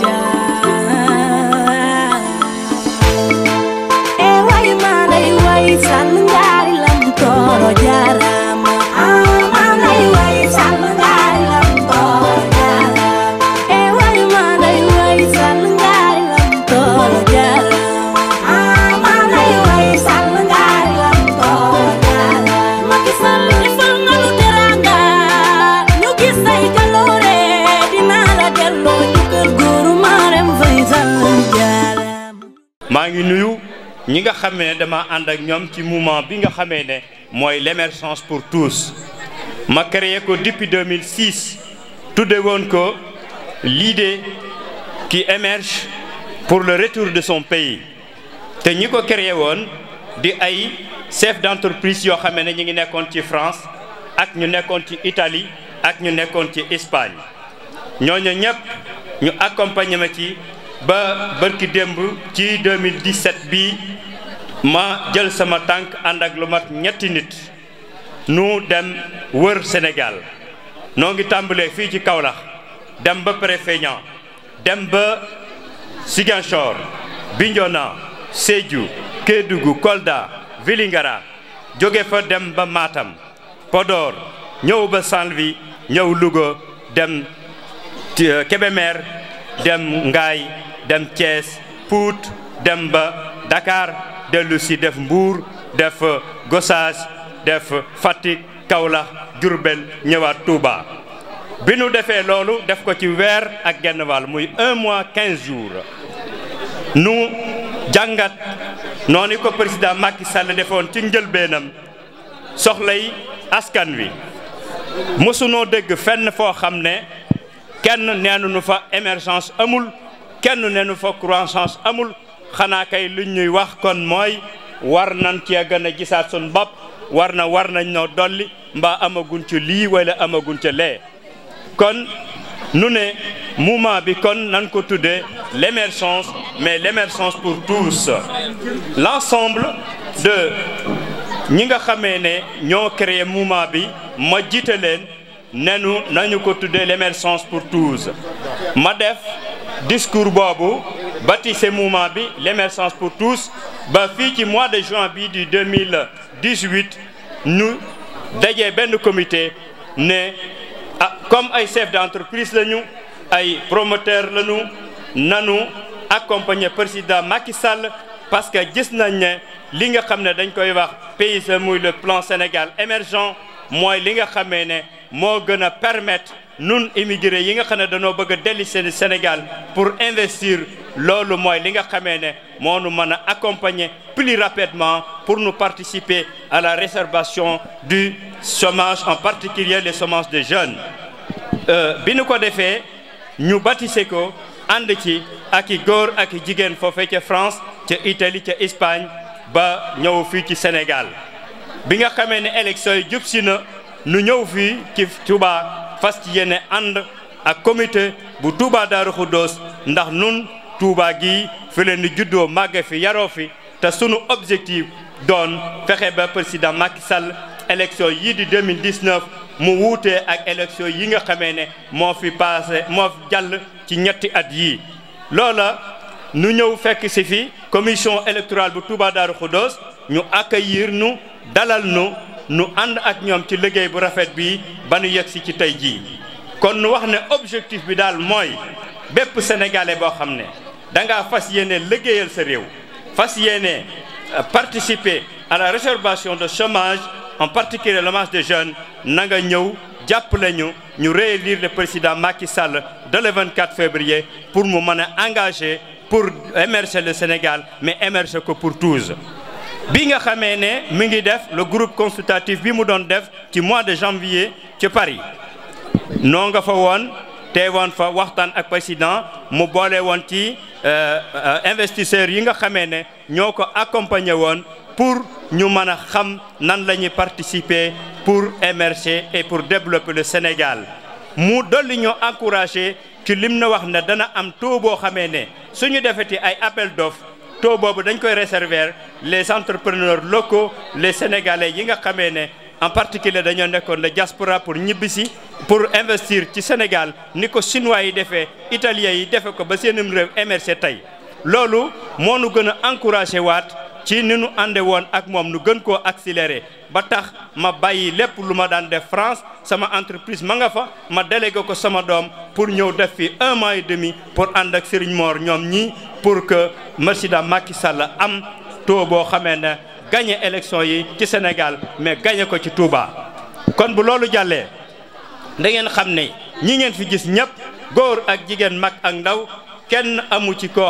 jauh ñi nga xamé ne dama and ak ñom ci mouvement bi nga xamé né moy l'émergence pour tous ma créé ko depuis 2006 tudé won ko l'idée qui émerge pour le retour de son pays té ñi ko créé won di ay chef d'entreprise yo xamé né ñi ngi nékkon ci France ak ñu nékkon ci Italie ak ñu nékkon ci Espagne ñooñu ñep ñu accompagner ma ci ba barki demb ci 2017 bi ma jël sama tank and ak lu mat ñetti nit nu dem wër Sénégal noo ngi tàmbalee fii ci kaolax dem ba préfet dem ba siganchor bindiona Kolda vilingara, jóge fa dem ba Matam Podor ñëw ba saint ñëw dem euh, kebemer, dem Ngaay dem Thiès Pout dem ba Dakar de Lucy def Mbour def Gossas def Fatik, Kaula, Durbel, ñewat Touba binu defé lolu def ko ci wèr un mois quinze jours nu jangat nous ko président Macky Sall defon ci benam soxlay askan wi musuno dégg fenn fo émergence amul kenn neenu fa croissance amul xana kay luñ ñuy wax kon mooy war nañ ci gën a gisaat suñ bopp war na war nañ noo dolli mbaa amagun ci lii wala amagun ci lee kon nu ne mouvement bi kon nañ ko tuddee l'émergence mais l'émergence pour tous l'ensemble de ñi nga xamee ne ñoo créé mouvement bi ma jiite leen nenu nañu ko tuddee l'émergence pour tous ma def discours de bâtissez mouvement l'émergence pour tous ba le mois de juin du 2018 nous, le ben comité ah, comme ay chef d'entreprise lañu ay promoteur lañu nanu accompagner président Macky Sall parce que nous nañ né le plan Sénégal émergent moy li nga permettre nous, immigré yi nga xam ne dañoo bëgg Sénégal pour investir loolu mooy li nga xamee ne moo accompagner plus rapidement pour nous participer à la réservation du chômage en particulier les chômages des jeunes euh, bi nu ko defee ñu bâtissé ko ànd ci ak i góor ak i jigéen foofee France que Italie que Espagne ba ñëw au Sénégal bi nga xamee élection yi nu ñëw fii que Touba fas ci yéene ànd ak comité bu Touba Darou Khoudoss ndax nun Touba gii fi leen di juddoo màgge fi yaroo fi objectif doon faire ba président Macky Sall élection de di 2019 mu wuté ak élection yi nga xamé né mo fi passé mo fi jàll ci ñetti at yi loola nu ñëw fekk ci fi commission électorale bu Touba Daru Khoudoss ñu accueillir nu dalal nu nous and ak ñom ci liggéey bu rafet bi ba nous yegsi ci tey kon nu wax ne objectif bi dal moy bép sénégalais bo xamné da nga fas sa réew euh, participer à la réservation de chômage en particulier le chômage des jeunes na nga ñëw jàppale ñu ñu réélire le président Macky Sall de le 24 février pour nous engager pour émerger le Sénégal mais émerger que pour tous bi nga xamee ne mi ngi def le groupe consultatif bi mu doon def ci mois de janvier ci Paris noo nga fa woon teewoon fa waxtaan ak président mu boole woon ci euh, euh, investisseurs yi nga xamee ne ñoo accompagner pour ñu mën xam nan participer pour émerger et pour développer le Sénégal mu dolli ñoo encourager ci lim wax ne dana am taux boo xamee ne suñu defeti ay appel d'offres taux bobu dañ koy réserver les entrepreneurs locaux les sénégalais yi nga xamé né en particulier dañu nekkoon la diaspora pour ñibbisi pour investir ci Sénégal ni chinois yi défé italiens yi défé ko ba seenum réew émerger tay lolu mo nu gëna encourager encouragé waat ci ni nu ànde woon ak mom nu gën ko accélérer ba tax ma bayyi lépp luma ma daan def France sama entreprise ma nga ma délégué ko sama pour ñëw def fi un mois et demi pour ànd Serigne Mor ñoom pour que Macky Sall am taux boo xamee ne élection yi ci Sénégal mais gagné ko ci Touba. kon bu loolu jàllee da ngeen xam ñi ngeen fi gis ñëpp góor ak jigéen mag ak ndaw kenn amu ci du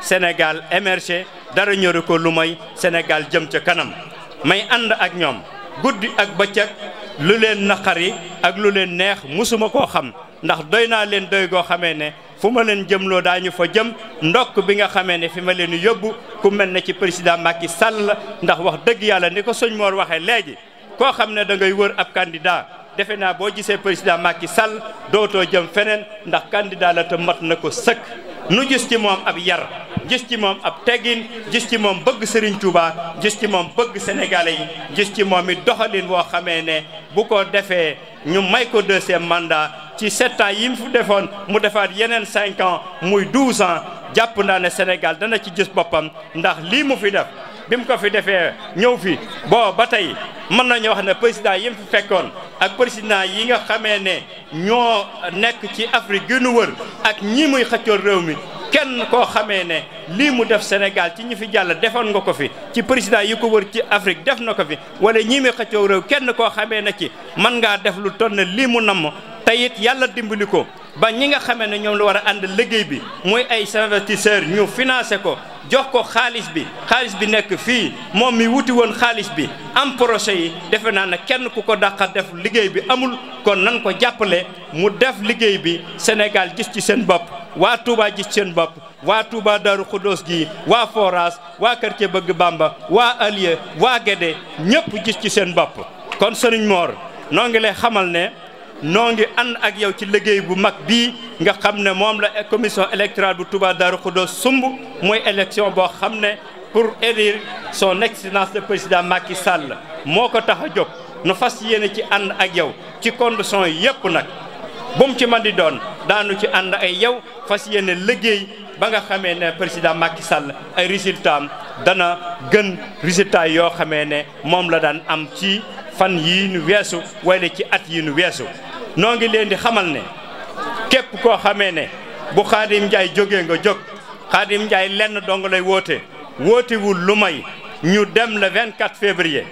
Sénégal dara ko Sénégal kanam. may ànd ak ñoom guddi ak bëccëg lu leen naqari ak lu leen neex musuma koo xam ndax doy naa leen doy goo xamee ne fu ma leen jëmloo daañu fa jëm ndokk bi nga xamee ne fi ma leen yóbbu ku mel ne ci président Macky Sall ndax wax dëgg yàlla ni ko soñ Mor waxee léegi koo xam ne da ngay wër ab candidat defe naa boo jisee président Macky Sall dootoo jëm feneen ndax candidat la te mat na ko sëkk. nu gis ci moom ab yar gis ci moom ab teggin gis ci moom bëgg Serigne Touba gis ci moom bëgg Sénégalais yi gis ci moom it doxalin woo xamee ne bu ko defee ñu may ko deuxième mandat ci sept ans yi mu fu defoon mu defaat yeneen cinq ans muy douze ans jàpp naa ne Sénégal dana ci gis boppam ndax lii mu fi def bi mu ko fi defee ñëw fi boo ba tey mën nañu wax ne président yi mu fi fekkoon ak président yi nga xamee ne ñoo nekk ci Afrique gënu wër ak ñi muy xëccoon réew mi kenn koo xamee ne lii mu def Sénégal ci ñi fi jàll defoon nga ko fi ci président yi ko wër ci Afrique def na ko fi wala ñi muy xëccoo réew kenn koo xamee ne ci man ngaa def lu ton ne lii mu namm te yàlla dimbali ko. ba ñi nga xamee ne ñoom la war a ànd liggéey bi muy ay investisseur ñu financé ko jox ko xaalis bi xaalis bi nekk fii moom mi wuti woon xaalis bi am projet yi defe naa ne kenn ku ko dàqa def liggéey bi amul kon nan ko jàppale mu def liggéey bi Sénégal gis ci seen bopp waa Touba gis seen bopp waa Touba Darou Khoudoss gi waa Foras waa kër quartier Bëgg bàmba waa Alieu waa Guédé ñëpp gis ci seen bopp kon sëriñ Mor noo ngi lay xamal ne noo ngi ànd ak yow ci liggéey bu mag bii nga la commission électorale bu Touba Darou Khoudoss sumb mooy élection boo xam pour élire son excellence le président Macky Sall moo ko tax a jóg nu fas yéene ci ànd ak yow ci condition yépp nag bu ci mën doon daanu ci ànd ay yow fas ba nga président Macky Sall ay résultats dana gën résultats yoo xamee ne moom la daan am ci fan yii nu weesu wala ci at nu weesu. noo ngi leen di xamal ne képp koo xamee ne bu xaadim Njaay jógee nga jóg xaadim Njaay lenn dong lay woote wootewul lu may ñu dem le 24 février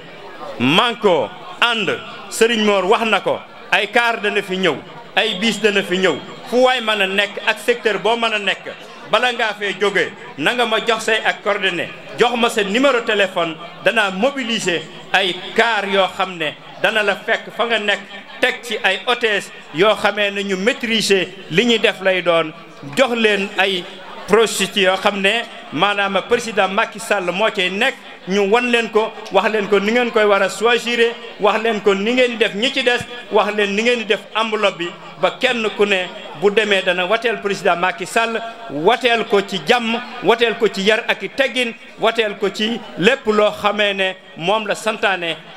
manko ànd Serigne Mor wax na ko ay kaar dana fi ñëw ay biis dana fi ñëw fu waay mën a nekk ak secteur boo mën a nekk bala ngaa fee jógee na nga ma jox say ak coordonnées jox ma sa numéro téléphone danaa mobiliser ay kaar yoo xam ne dana la fekk fa nga nekk teg ci ay hôtesse yoo xamee ne ñu maîtriser li ñuy def lay doon jox leen ay prostituées yoo xam ne maanaam président Macky Sall moo cay nekk ñu wan leen ko wax leen ko ni ngeen koy war a choisir wax leen ko ni ngeen di def ñi ci des wax leen ni ngeen di def enveloppe bi ba kenn ku ne bu demee dana wateel président Macky Sall wateel ko ci jàmm wateel ko ci yar ak i teggin wateel ko ci lépp loo xamee ne moom la santaane